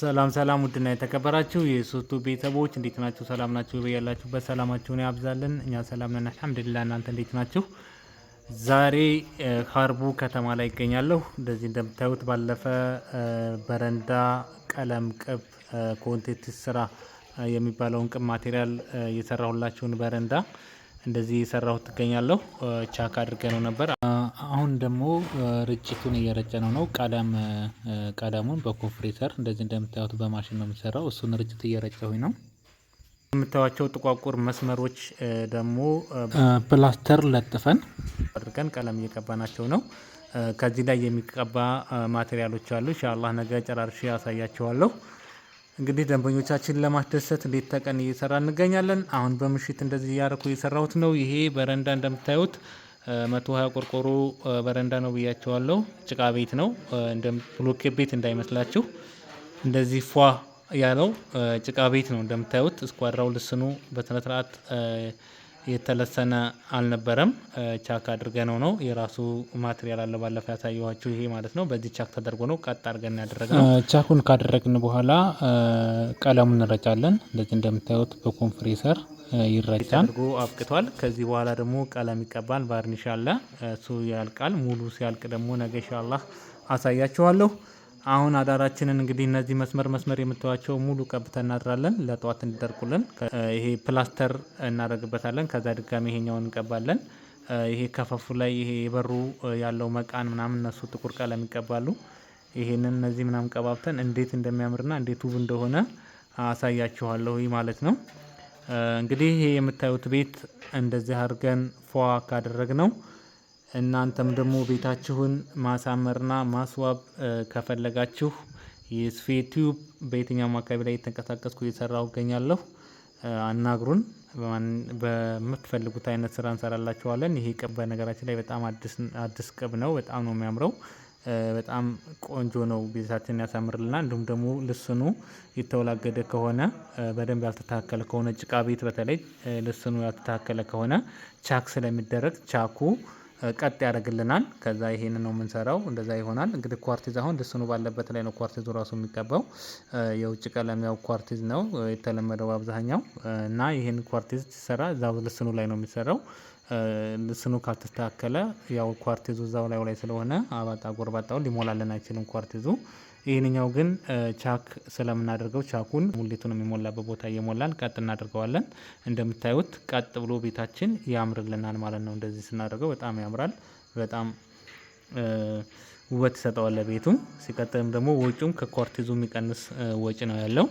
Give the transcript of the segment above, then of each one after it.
ሰላም ሰላም፣ ውድና የተከበራችሁ የሶስቱ ቤተሰቦች እንዴት ናችሁ? ሰላም ናችሁ? በያላችሁበት ሰላማችሁን ያብዛልን። እኛ ሰላም ነን አልሐምዱሊላህ። እናንተ እንዴት ናችሁ? ዛሬ ሀርቡ ከተማ ላይ ይገኛለሁ። እንደዚህ እንደምታዩት ባለፈ በረንዳ ቀለም ቅብ ኮንቴክስት ስራ የሚባለውን ቅብ ማቴሪያል የሰራሁላችሁን በረንዳ እንደዚህ የሰራሁት ትገኛለሁ። ቻክ አድርገ ነው ነበር። አሁን ደግሞ ርጭቱን እየረጨ ነው ነው ቀለም ቀለሙን በኮምፕሬሰር እንደዚህ እንደምታዩት በማሽን ነው የሚሰራው። እሱን ርጭት እየረጨሁኝ ነው። የምታዩቸው ጥቋቁር መስመሮች ደግሞ ፕላስተር ለጥፈን አድርገን ቀለም እየቀባናቸው ነው። ከዚህ ላይ የሚቀባ ማቴሪያሎች አሉ። ኢንሻአላህ ነገ ጨራርሼ ያሳያቸዋለሁ። እንግዲህ ደንበኞቻችን ለማስደሰት እንዴት ተቀን እየሰራ እንገኛለን። አሁን በምሽት እንደዚህ እያደረኩ እየሰራሁት ነው። ይሄ በረንዳ እንደምታዩት መቶ ሀያ ቆርቆሮ በረንዳ ነው ብያቸዋለሁ። ጭቃ ቤት ነው፣ ብሎኬ ቤት እንዳይመስላችሁ። እንደዚህ ፏ ያለው ጭቃ ቤት ነው እንደምታዩት። እስኳድራው ልስኑ በስነስርዓት የተለሰነ አልነበረም። ቻክ አድርገነው ነው የራሱ ማትሪያል አለ። ባለፈ ያሳየኋችሁ ይሄ ማለት ነው። በዚህ ቻክ ተደርጎ ነው ቀጥ አድርገን ያደረግነው። ቻኩን ካደረግን በኋላ ቀለሙ እንረጫለን። እንደዚህ እንደምታዩት በኮምፕሬሰር ይረጫል። አብቅቷል። ከዚህ በኋላ ደግሞ ቀለም ይቀባል። ቫርኒሽ አለ፣ እሱ ያልቃል። ሙሉ ሲያልቅ ደግሞ ነገ ኢንሻአላህ አሳያችኋለሁ። አሁን አዳራችንን እንግዲህ እነዚህ መስመር መስመር የምትዋቸው ሙሉ ቀብተን እናድራለን። ለጠዋት እንዲደርቁልን ይሄ ፕላስተር እናደርግበታለን። ከዛ ድጋሚ ይሄኛውን እንቀባለን። ይሄ ከፈፉ ላይ ይሄ የበሩ ያለው መቃን ምናምን እነሱ ጥቁር ቀለም ይቀባሉ። ይሄንን እነዚህ ምናምን ቀባብተን እንዴት እንደሚያምርና እንዴት ውብ እንደሆነ አሳያችኋለሁ ማለት ነው። እንግዲህ ይሄ የምታዩት ቤት እንደዚህ አድርገን ፏ ካደረግ ነው እናንተም ደግሞ ቤታችሁን ማሳመርና ማስዋብ ከፈለጋችሁ የስፌ በየትኛውም አካባቢ ላይ የተንቀሳቀስኩ እየሰራሁ እገኛለሁ። አናግሩን። በምትፈልጉት አይነት ስራ እንሰራላችኋለን። ይሄ ቅብ በነገራችን ላይ በጣም አዲስ ቅብ ነው። በጣም ነው የሚያምረው። በጣም ቆንጆ ነው። ቤታችን ያሳምርልናል። እንዲሁም ደግሞ ልስኑ የተወላገደ ከሆነ በደንብ ያልተተካከለ ከሆነ ጭቃ ቤት በተለይ ልስኑ ያልተተካከለ ከሆነ ቻክ ስለሚደረግ ቻኩ ቀጥ ያደርግልናል። ከዛ ይሄን ነው የምንሰራው፣ እንደዛ ይሆናል። እንግዲህ ኳርቲዝ አሁን ድስኑ ባለበት ላይ ነው ኳርቲዙ ራሱ የሚቀባው። የውጭ ቀለም ያው ኳርቲዝ ነው የተለመደው አብዛኛው እና ይሄን ኳርቲዝ ሲሰራ እዛው ልስኑ ላይ ነው የሚሰራው። ልስኑ ካልተስተካከለ ያው ኳርቲዙ እዛው ላይ ላይ ስለሆነ አባጣ ጎርባጣውን ሊሞላልን አይችልም ኳርቲዙ ይህንኛው ግን ቻክ ስለምናደርገው ቻኩን ሙሌቱን የሚሞላበት ቦታ እየሞላን ቀጥ እናደርገዋለን። እንደምታዩት ቀጥ ብሎ ቤታችን ያምርልናል ማለት ነው። እንደዚህ ስናደርገው በጣም ያምራል። በጣም ውበት ይሰጠዋል ለቤቱ። ሲቀጥልም ደግሞ ወጪውም ከኮርቲዙ የሚቀንስ ወጪ ነው ያለው።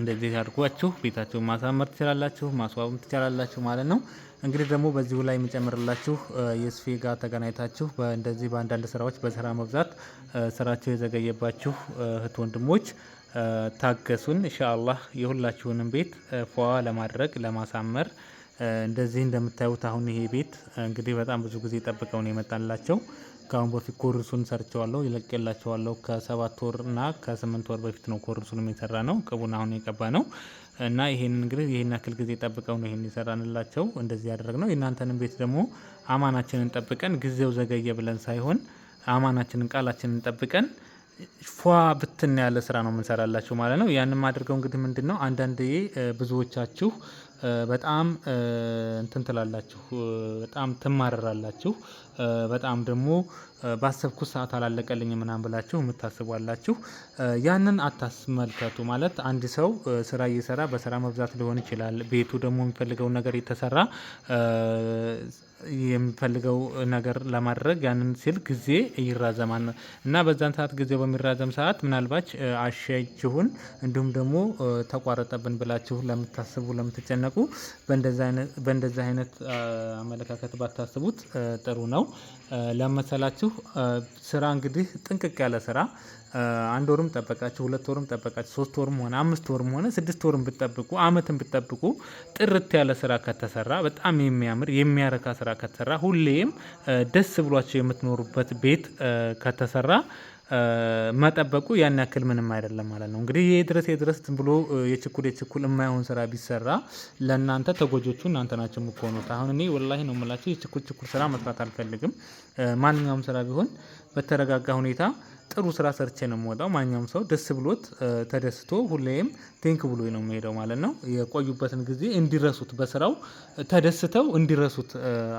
እንደዚህ አድርጓችሁ ቤታችሁን ማሳመር ትችላላችሁ፣ ማስዋብም ትችላላችሁ ማለት ነው። እንግዲህ ደግሞ በዚሁ ላይ የሚጨምርላችሁ የስፌ ጋር ተገናኝታችሁ እንደዚህ በአንዳንድ ስራዎች በስራ መብዛት ስራቸው የዘገየባችሁ እህት ወንድሞች ታገሱን። ኢንሻአላህ የሁላችሁንም ቤት ፏዋ ለማድረግ ለማሳመር እንደዚህ እንደምታዩት አሁን ይሄ ቤት እንግዲህ በጣም ብዙ ጊዜ ጠብቀውን የመጣላቸው ከአሁን በፊት ኮርሱን ሰርቸዋለሁ ይለቅላቸዋለሁ። ከሰባት ወር እና ከስምንት ወር በፊት ነው ኮርሱን የሰራ ነው። ቅቡን አሁን የቀባ ነው እና ይህን እንግዲህ ይህን ያክል ጊዜ ጠብቀው ነው ይህን የሰራንላቸው እንደዚህ ያደረግ ነው። የእናንተንም ቤት ደግሞ አማናችንን ጠብቀን ጊዜው ዘገየ ብለን ሳይሆን አማናችንን ቃላችንን ጠብቀን ፏ ብትን ያለ ስራ ነው የምንሰራላችሁ ማለት ነው። ያንም አድርገው እንግዲህ ምንድን ነው አንዳንድ ብዙዎቻችሁ በጣም እንትን ትላላችሁ፣ በጣም ትማረራላችሁ። በጣም ደግሞ ባሰብኩት ሰዓት አላለቀልኝ ምናምን ብላችሁ የምታስቧላችሁ። ያንን አታስመልከቱ። ማለት አንድ ሰው ስራ እየሰራ በስራ መብዛት ሊሆን ይችላል። ቤቱ ደግሞ የሚፈልገውን ነገር የተሰራ የሚፈልገው ነገር ለማድረግ ያንን ሲል ጊዜ ይራዘማል እና በዛን ሰዓት ጊዜ በሚራዘም ሰዓት ምናልባች አሸችሁን እንዲሁም ደግሞ ተቋረጠብን ብላችሁ ለምታስቡ ለምትጨነቁ በእንደዚህ አይነት አመለካከት ባታስቡት ጥሩ ነው። ለመሰላችሁ ስራ እንግዲህ ጥንቅቅ ያለ ስራ አንድ ወርም ጠበቃችሁ፣ ሁለት ወርም ጠበቃችሁ፣ ሶስት ወርም ሆነ አምስት ወርም ሆነ ስድስት ወርም ብትጠብቁ፣ አመትን ብትጠብቁ ጥርት ያለ ስራ ከተሰራ በጣም የሚያምር የሚያረካ ስራ ከተሰራ ሁሌም ደስ ብሏቸው የምትኖሩበት ቤት ከተሰራ መጠበቁ ያን ያክል ምንም አይደለም ማለት ነው። እንግዲህ ድረስ የድረስ ዝም ብሎ የችኩል የችኩል የማይሆን ስራ ቢሰራ ለእናንተ ተጎጆቹ እናንተ ናቸው የምትሆኑት። አሁን እኔ ወላሂ ነው የምላቸው የችኩል ችኩል ስራ መስራት አልፈልግም። ማንኛውም ስራ ቢሆን በተረጋጋ ሁኔታ ጥሩ ስራ ሰርቼ ነው የምወጣው። ማንኛውም ሰው ደስ ብሎት ተደስቶ ሁሌም ቴንክ ብሎ ነው የሚሄደው ማለት ነው። የቆዩበትን ጊዜ እንዲረሱት በስራው ተደስተው እንዲረሱት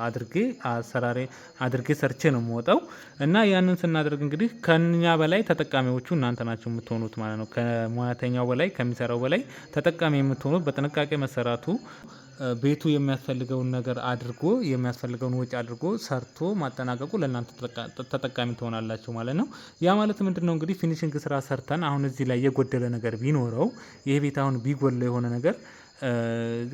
አድርጌ አሰራሬ አድርጌ ሰርቼ ነው የምወጣው እና ያንን ስናደርግ እንግዲህ ከኛ በላይ ተጠቃሚዎቹ እናንተ ናቸው የምትሆኑት ማለት ነው። ከሙያተኛው በላይ ከሚሰራው በላይ ተጠቃሚ የምትሆኑት በጥንቃቄ መሰራቱ ቤቱ የሚያስፈልገውን ነገር አድርጎ የሚያስፈልገውን ወጪ አድርጎ ሰርቶ ማጠናቀቁ ለእናንተ ተጠቃሚ ትሆናላችሁ ማለት ነው። ያ ማለት ምንድን ነው እንግዲህ ፊኒሽንግ ስራ ሰርተን አሁን እዚህ ላይ የጎደለ ነገር ቢኖረው ይህ ቤት አሁን ቢጎለው የሆነ ነገር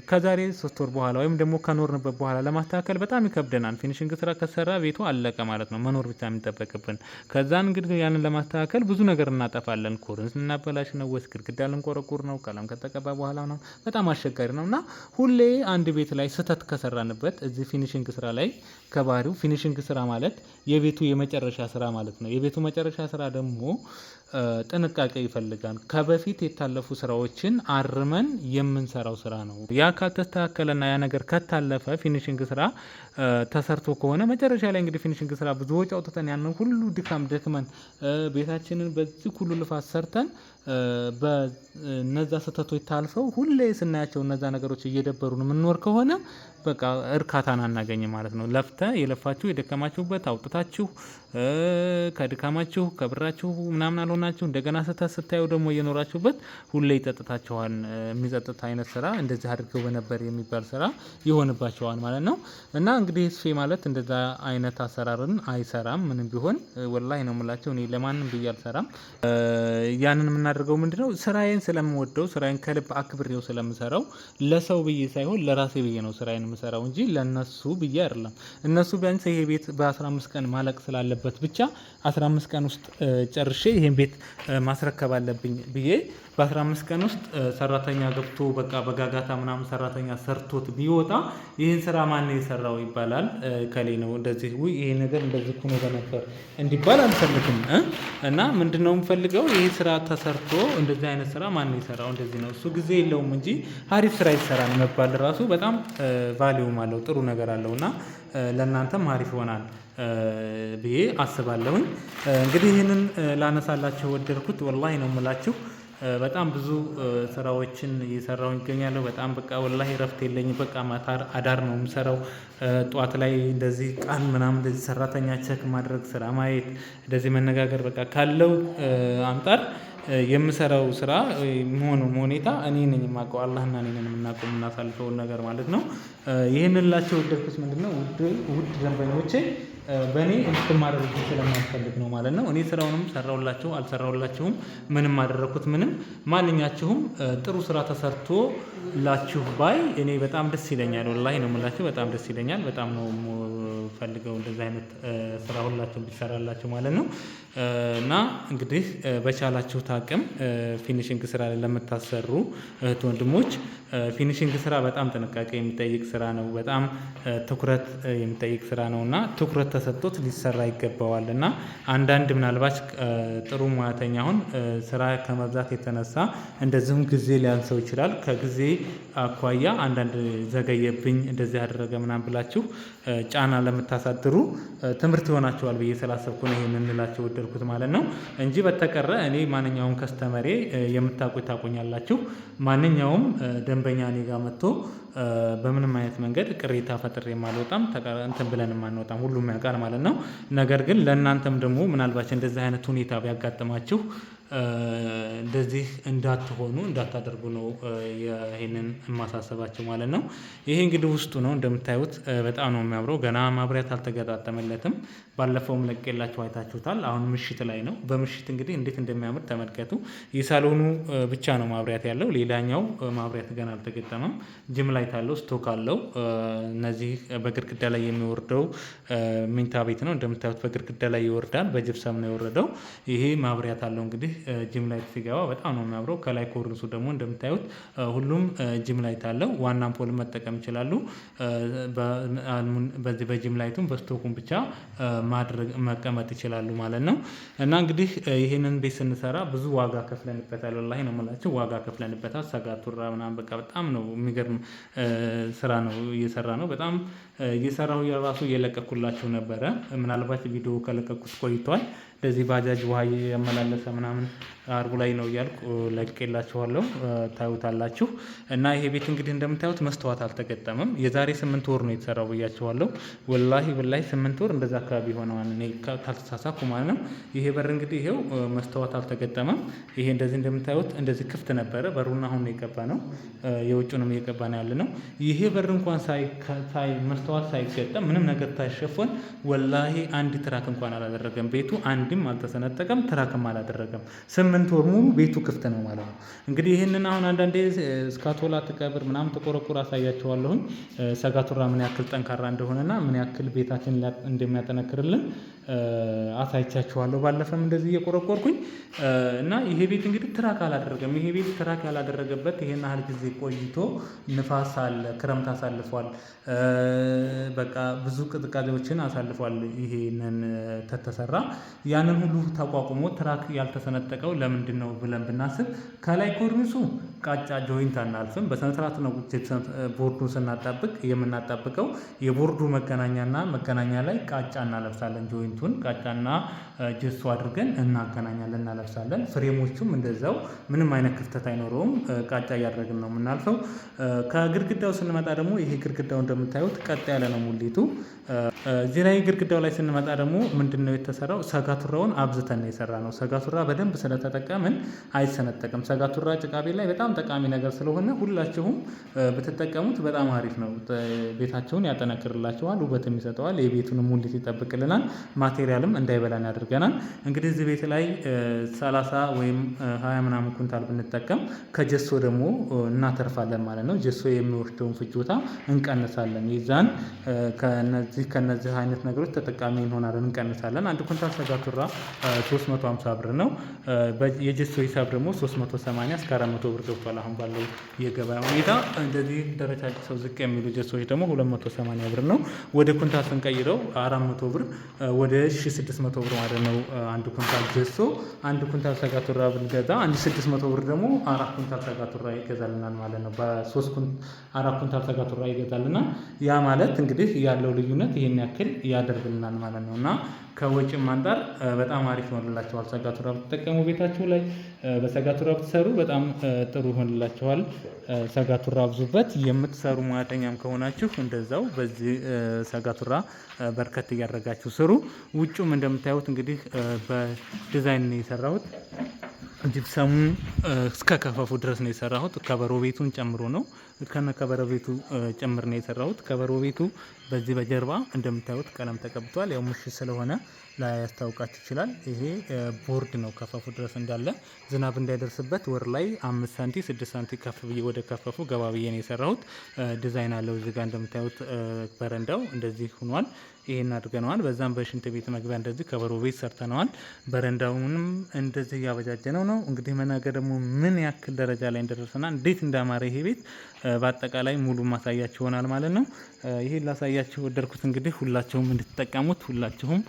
ከዛሬ ሶስት ወር በኋላ ወይም ደግሞ ከኖርንበት በኋላ ለማስተካከል በጣም ይከብደናል። ፊኒሽንግ ስራ ከሰራ ቤቱ አለቀ ማለት ነው፣ መኖር ብቻ የሚጠበቅብን። ከዛ እንግዲህ ያንን ለማስተካከል ብዙ ነገር እናጠፋለን። ኮርንስ እናበላሽ ነው ወይስ ግድግዳ ልንቆረቁር ነው? ቀለም ከተቀባ በኋላ ነው። በጣም አስቸጋሪ ነው እና ሁሌ አንድ ቤት ላይ ስህተት ከሰራንበት እዚህ ፊኒሽንግ ስራ ላይ ከባህሪው ፊኒሽንግ ስራ ማለት የቤቱ የመጨረሻ ስራ ማለት ነው። የቤቱ መጨረሻ ስራ ደግሞ ጥንቃቄ ይፈልጋል። ከበፊት የታለፉ ስራዎችን አርመን የምንሰራው ስራ ነው። ያ ካልተስተካከለና ያ ነገር ከታለፈ ፊኒሽንግ ስራ ተሰርቶ ከሆነ መጨረሻ ላይ እንግዲህ ፊኒሽንግ ስራ ብዙ ወጪ አውጥተን ያንን ሁሉ ድካም ደክመን ቤታችንን በዚህ ሁሉ ልፋት ሰርተን በነዛ ስህተቶች ታልፈው ሁሌ ስናያቸው እነዛ ነገሮች እየደበሩን የምንኖር ከሆነ በቃ እርካታን አናገኝ ማለት ነው። ለፍተ የለፋችሁ የደከማችሁበት አውጥታችሁ ከድካማችሁ ከብራችሁ ምናምን አልሆናችሁ እንደገና ስህተት ስታዩ ደግሞ እየኖራችሁበት ሁሌ ይጸጥታችኋል። የሚጸጥት አይነት ስራ እንደዚህ አድርገው በነበር የሚባል ስራ ይሆንባቸዋል ማለት ነው። እና እንግዲህ ስፌ ማለት እንደዛ አይነት አሰራርን አይሰራም። ምንም ቢሆን ወላሂ ነው የምላቸው እኔ ለማንም ብዬ አልሰራም። ያንን ምና የምናደርገው ምንድነው? ስራዬን ስለምወደው ስራዬን ከልብ አክብሬው ስለምሰራው ለሰው ብዬ ሳይሆን ለራሴ ብዬ ነው ስራዬን የምሰራው እንጂ ለነሱ ብዬ አይደለም። እነሱ ቢያንስ ይሄ ቤት በ15 ቀን ማለቅ ስላለበት ብቻ 15 ቀን ውስጥ ጨርሼ ይሄን ቤት ማስረከብ አለብኝ ብዬ በ15 ቀን ውስጥ ሰራተኛ ገብቶ በቃ በጋጋታ ምናምን ሰራተኛ ሰርቶት ቢወጣ ይህን ስራ ማን የሰራው ይባላል። ከሌ ነው እንደዚህ ውይ ይሄ ነገር እንደዚህ ሁኖ ነበር እንዲባል አልፈልግም። እና ምንድነው የምፈልገው ይህ ስራ ተሰርቶ እንደዚህ አይነት ስራ ማን የሰራው እንደዚህ ነው። እሱ ጊዜ የለውም እንጂ ሀሪፍ ስራ ይሰራል መባል ራሱ በጣም ቫሊዩም አለው ጥሩ ነገር አለው እና ለእናንተም ሀሪፍ ይሆናል ብዬ አስባለሁኝ። እንግዲህ ይህንን ላነሳላችሁ ወደድኩት። ወላሂ ነው የምላችሁ በጣም ብዙ ስራዎችን እየሰራው ይገኛለሁ። በጣም በቃ ወላሂ እረፍት የለኝም። በቃ ማታ አዳር ነው የምሰራው። ጠዋት ላይ እንደዚህ ቃል ምናምን እንደዚህ ሰራተኛ ቸክ ማድረግ፣ ስራ ማየት፣ እንደዚህ መነጋገር በቃ ካለው አንጻር የምሰራው ስራ መሆኑ ሁኔታ እኔ ነኝ የማውቀው። አላህና እኔ ነን የምናውቀው የምናሳልፈውን ነገር ማለት ነው። ይህንን ላቸው ወደድኩት ምንድነው ውድ ደንበኞቼ በእኔ እንድትማረሩት ስለማልፈልግ ነው ማለት ነው። እኔ ስራውንም ሰራውላችሁ አልሰራውላችሁም፣ ምንም አደረግኩት ምንም፣ ማንኛችሁም ጥሩ ስራ ተሰርቶ ላችሁ ባይ እኔ በጣም ደስ ይለኛል። ወላሂ ነው የምላችሁ፣ በጣም ደስ ይለኛል። በጣም ነው ፈልገው እንደዚህ አይነት ስራ ሁላችሁ ቢሰራላችሁ ማለት ነው። እና እንግዲህ በቻላችሁት አቅም ፊኒሽንግ ስራ ላይ ለምታሰሩ እህት ወንድሞች ፊኒሽንግ ስራ በጣም ጥንቃቄ የሚጠይቅ ስራ ነው። በጣም ትኩረት የሚጠይቅ ስራ ነው እና ትኩረት ተሰጥቶት ሊሰራ ይገባዋል። እና አንዳንድ ምናልባች ጥሩ ሙያተኛ አሁን ስራ ከመብዛት የተነሳ እንደዚሁም ጊዜ ሊያንሰው ይችላል። ከጊዜ አኳያ አንዳንድ ዘገየብኝ፣ እንደዚህ ያደረገ ምናምን ብላችሁ ጫና ለምታሳድሩ ትምህርት ይሆናችኋል ብዬ ስላሰብኩ ነው ይሄ የተገደድኩት ማለት ነው እንጂ በተቀረ እኔ ማንኛውም ከስተመሬ የምታቁት ታቁኛላችሁ። ማንኛውም ደንበኛ እኔ ጋር መጥቶ በምንም አይነት መንገድ ቅሬታ ፈጥሬ ማልወጣም እንትን ብለን ማንወጣም ሁሉም ያውቃል ማለት ነው። ነገር ግን ለእናንተም ደግሞ ምናልባት እንደዚህ አይነት ሁኔታ ቢያጋጥማችሁ እንደዚህ እንዳትሆኑ እንዳታደርጉ ነው ይህንን የማሳሰባቸው ማለት ነው። ይሄ እንግዲህ ውስጡ ነው እንደምታዩት በጣም ነው የሚያምረው። ገና ማብሪያት አልተገጣጠመለትም። ባለፈውም ለቄላችሁ አይታችሁታል። አሁን ምሽት ላይ ነው። በምሽት እንግዲህ እንዴት እንደሚያምር ተመልከቱ። የሳሎኑ ብቻ ነው ማብሪያት ያለው፣ ሌላኛው ማብሪያት ገና አልተገጠመም። ጅም ላይት አለው፣ ስቶክ አለው። እነዚህ በግድግዳ ላይ የሚወርደው ሚንታ ቤት ነው እንደምታዩት፣ በግድግዳ ላይ ይወርዳል። በጅብሰም ነው የወረደው። ይሄ ማብሪያት አለው እንግዲህ ጂም ላይት ሲገባ በጣም ነው የሚያምረው። ከላይ ኮርንሱ ደግሞ እንደምታዩት ሁሉም ጅም ላይት አለው። ዋና አምፖል መጠቀም ይችላሉ። በዚህ በጅም ላይቱም በስቶኩን ብቻ ማድረግ መቀመጥ ይችላሉ ማለት ነው። እና እንግዲህ ይህንን ቤት ስንሰራ ብዙ ዋጋ ከፍለንበታል። ወላሂ ነው የምላቸው ዋጋ ከፍለንበታል። ሰጋቱራ ምናምን በቃ በጣም ነው የሚገርም ስራ ነው እየሰራ ነው። በጣም እየሰራሁ የራሱ እየለቀኩላችሁ ነበረ። ምናልባት ቪዲዮ ከለቀኩት ቆይቷል። በዚህ ባጃጅ ውሃ እያመላለሰ ምናምን አርቡ ላይ ነው እያልኩ ለቄላችኋለሁ ታዩታላችሁ። እና ይሄ ቤት እንግዲህ እንደምታዩት መስተዋት አልተገጠመም። የዛሬ ስምንት ወር ነው የተሰራው ብያችኋለሁ። ወላሂ ወላሂ ስምንት ወር እንደዛ አካባቢ ሆነዋል ካልተሳሳኩ ማለት ነው። ይሄ በር እንግዲህ ይሄው መስተዋት አልተገጠመም። ይሄ እንደዚህ እንደምታዩት እንደዚህ ክፍት ነበረ በሩና አሁን የቀባ ነው የውጭንም እየቀባ ነው ያለ ነው። ይሄ በር እንኳን ሳይ መስተዋት ሳይገጠም ምንም ነገር ታሸፎን ወላሂ አንድ ትራክ እንኳን አላደረገም ቤቱ አንድም አልተሰነጠቀም፣ ትራክም አላደረገም። ክረምት ወር ሙሉ ቤቱ ክፍት ነው ማለት ነው። እንግዲህ ይህንን አሁን አንዳንዴ ስካቶላ ትቀብር ምናምን ትቆረቁር አሳያቸዋለሁኝ ሰጋቱራ ምን ያክል ጠንካራ እንደሆነና ምን ያክል ቤታችን እንደሚያጠነክርልን አሳይቻችኋለሁ። ባለፈም እንደዚህ እየቆረቆርኩኝ እና ይሄ ቤት እንግዲህ ትራክ አላደረገም። ይሄ ቤት ትራክ ያላደረገበት ይሄን ያህል ጊዜ ቆይቶ ንፋስ አለ፣ ክረምት አሳልፏል፣ በቃ ብዙ ቅዝቃዜዎችን አሳልፏል። ይሄንን ተተሰራ ያንን ሁሉ ተቋቁሞ ትራክ ያልተሰነጠቀው ለምንድን ነው ብለን ብናስብ ከላይ ኮርኒሱ ቃጫ ጆይንት አናልፍም። በስነስርዓት ነው ቦርዱን ስናጣብቅ የምናጣብቀው። የቦርዱ መገናኛና መገናኛ ላይ ቃጫ እናለብሳለን። ጆይንቱን ቃጫና ጅሱ አድርገን እናገናኛለን፣ እናለብሳለን። ፍሬሞቹም እንደዛው ምንም አይነት ክፍተት አይኖረውም። ቃጫ እያደረግን ነው የምናልፈው። ከግድግዳው ስንመጣ ደግሞ ይሄ ግድግዳው እንደምታዩት ቀጥ ያለ ነው ሙሊቱ። እዚህ ላይ ግድግዳው ላይ ስንመጣ ደግሞ ምንድን ነው የተሰራው? ሰጋቱራውን አብዝተን የሰራ ነው። ሰጋቱራ በደንብ ስለተጠቀምን አይሰነጠቅም። ሰጋቱራ ጭቃቤ ላይ በጣም በጣም ጠቃሚ ነገር ስለሆነ ሁላችሁም ብትጠቀሙት በጣም አሪፍ ነው። ቤታቸውን ያጠናክርላቸዋል፣ ውበትም ይሰጠዋል፣ የቤቱንም ሙሊት ይጠብቅልናል፣ ማቴሪያልም እንዳይበላን ያደርገናል። እንግዲህ እዚህ ቤት ላይ ሰላሳ ወይም ሀያ ምናምን ኩንታል ብንጠቀም ከጀሶ ደግሞ እናተርፋለን ማለት ነው። ጀሶ የሚወስደውን ፍጆታ እንቀንሳለን። ይዛን ከነዚህ ከነዚህ አይነት ነገሮች ተጠቃሚ እንሆናለን፣ እንቀንሳለን። አንድ ኩንታል ሰጋቱራ 350 ብር ነው። የጀሶ ሂሳብ ደግሞ 380 እስከ 400 ብር ወጥቷል። አሁን ባለው የገበያ ሁኔታ እንደዚህ ደረጃ ሰው ዝቅ የሚሉ ጀሶች ደግሞ 280 ብር ነው። ወደ ኩንታል ስንቀይረው 400 ብር ወደ 1600 ብር ማለት ነው። አንድ ኩንታል ጀሶ አንድ ኩንታል ሰጋቱራ ብንገዛ 1600 ብር ደግሞ አራት ኩንታል ሰጋቱራ ይገዛልናል ማለት ነው። በሶስት አራት ኩንታል ሰጋቱራ ይገዛልናል። ያ ማለት እንግዲህ ያለው ልዩነት ይህን ያክል ያደርግልናል ማለት ነው እና ከወጪም አንጻር በጣም አሪፍ ይሆንላቸዋል። ሰጋቱራ ብትጠቀሙ ቤታችሁ ላይ በሰጋቱራ ብትሰሩ በጣም ጥሩ ይሆንላችኋል። ሰጋቱራ አብዙበት። የምትሰሩ ማዕተኛም ከሆናችሁ እንደዛው በዚህ ሰጋቱራ በርከት እያደረጋችሁ ስሩ። ውጩም እንደምታዩት እንግዲህ በዲዛይን ነው የሰራሁት። ጅብሰሙ እስከ ከፈፉ ድረስ ነው የሰራሁት። ከበሮ ቤቱን ጨምሮ ነው ከነ ከበሮ ቤቱ ጭምር ነው የሰራሁት። ከበሮ ቤቱ በዚህ በጀርባ እንደምታዩት ቀለም ተቀብቷል። ያው ምሽት ስለሆነ ላያስታውቃችሁ ይችላል። ይሄ ቦርድ ነው ከፈፉ ድረስ እንዳለ ዝናብ እንዳይደርስበት ወር ላይ አምስት ሳንቲ ስድስት ሳንቲ ከፍ ብዬ ወደ ከፈፉ ገባ ብዬ ነው የሰራሁት። ዲዛይን አለው እዚጋ እንደምታዩት በረንዳው እንደዚህ ሁኗል። ይሄን አድርገነዋል። በዛም በሽንት ቤት መግቢያ እንደዚህ ከበሮ ቤት ሰርተነዋል። በረንዳውንም እንደዚህ እያበጃጀነው ነው። እንግዲህ መናገር ደግሞ ምን ያክል ደረጃ ላይ እንደደረሰና እንዴት እንዳማረ ይሄ ቤት በአጠቃላይ ሙሉ ማሳያችሁ ይሆናል ማለት ነው። ይሄን ላሳያችሁ ወደድኩት። እንግዲህ ሁላችሁም እንድትጠቀሙት ሁላችሁም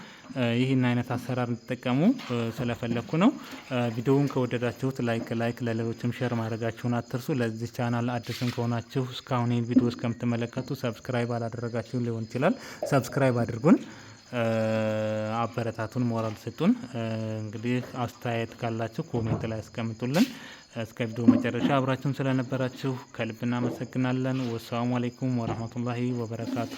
ይህን አይነት አሰራር እንድትጠቀሙ ስለፈለግኩ ነው። ቪዲዮውን ከወደዳችሁት ላይክ ላይክ ለሌሎችም ሼር ማድረጋችሁን አትርሱ። ለዚህ ቻናል አዲስም ከሆናችሁ እስካሁን ይህን ቪዲዮ እስከምትመለከቱ ሰብስክራይብ አላደረጋችሁን ሊሆን ይችላል ሰብስክራይብ አድርጉን፣ አበረታቱን፣ ሞራል ስጡን። እንግዲህ አስተያየት ካላችሁ ኮሜንት ላይ አስቀምጡልን። እስከ ቪዲዮ መጨረሻ አብራችሁን ስለነበራችሁ ከልብ እናመሰግናለን። ወሰላሙ አሌይኩም ወረህመቱላሂ ወበረካቱ።